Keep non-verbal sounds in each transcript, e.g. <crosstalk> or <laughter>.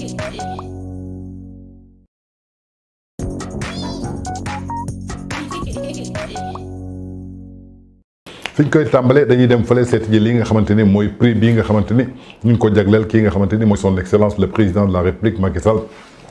fi koy tambalé dañuy dem feulé seet ji lii nga xamanténi moy prix bi nga xamanténi ñu ko jagleel ki nga xamanténi moy son excellence le président de la république Macky Sall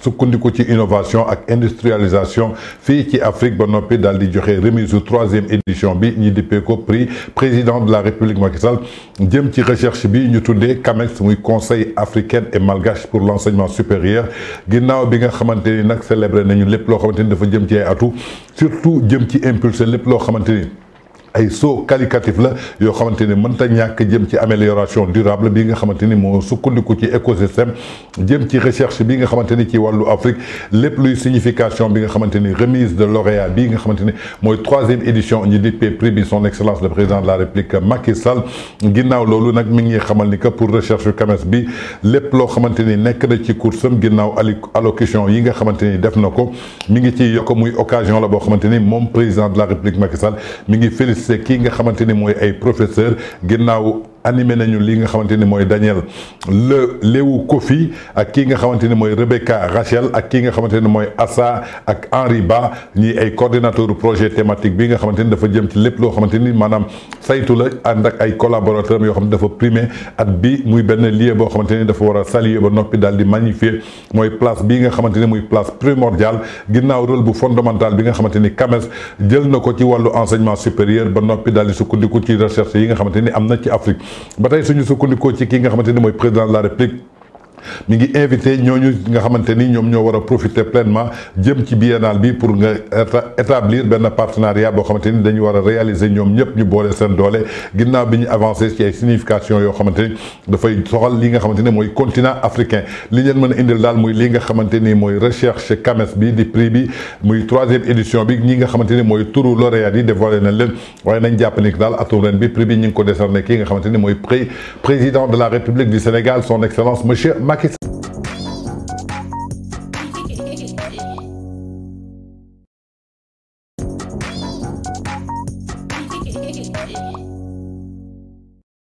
sur ci innovation ak industrialisation fi ci Afrique ba remise au troisième édition bi avons prix président de la République Macky Sall ci recherche bi ñu conseil africain et malgache pour l'enseignement supérieur bi nga célébré nañu surtout ci impulsé ay qualitatif le la yo xamanteni mën ta ñàkk jëm ci amélioration durable bi nga xamanteni mo moo ci écosystème jëm ci recherche bi nga xamanteni ci walu Afrique les luy signification bi nga xamanteni remise de l'oréal bi nga xamanteni moy troisième édition ñu dippee prix bi son excellence le président de la république Macky Sall ginnaw lolu nak mi ngi xamal ni que pour recherche CAMES bi lepp lo xamanteni nek na ci coursam ginnaw allocution yi nga xamanteni def nako mi ngi ci yoko muy occasion la bo xamanteni mon président de la république Macky Sall mi ngi kii nga xamante ni mooy ay professeur ginnaaw animé nañu li nga xamante ni mooy Daniel le Léwu Kofi ak kii nga xamante ni mooy Rebecca Rachel ak kii nga xamante ni mooy Assa ak Henri Ba ñii ay coordinateur projet thématique bi nga xamante ni dafa jëm ci lépp loo xamante ni maanaam saytu la ànd ak ay collaborateurs yoo xam ne dafa primé at bi muy benn lieu boo xamante ni dafa war a saluer ba noppi daal di magnifier mooy place bi nga xamante ni muy place primordiale ginnaaw rôle bu fondamental bi nga xamante ni CAMES jël na ko ci wàllu enseignement supérieur ba daal di sukkandiku ci recherche yi nga xamante ni am na ci Afrique ba tey suñu sukkandikoo ci kii nga xamante ni mooy président la république mi ngi invité ñooñu nga xamante ni ñoo war profiter pleinement jëm ci biennale bi pour nga établir benn partenariat boo xamante ni dañu war réaliser ñoom ñëpp ñu boole seen doole ginnaaw bi ñu avancé ci ay signification yoo xamante ni dafay soxal li nga xamante ni mooy continent africain li ngeen mën a indil daal muy li nga xamante ni recherche CAMES bi di prix bi muy troisième édition bi ñi nga xamante ni mooy turu lauréat yi dévoilé nañ leen waaye nañ jàpp ni daal atum ren bi prix bi ñu ko décerné kii nga xamante ni président de la République du Sénégal son excellence monsieur market. <laughs>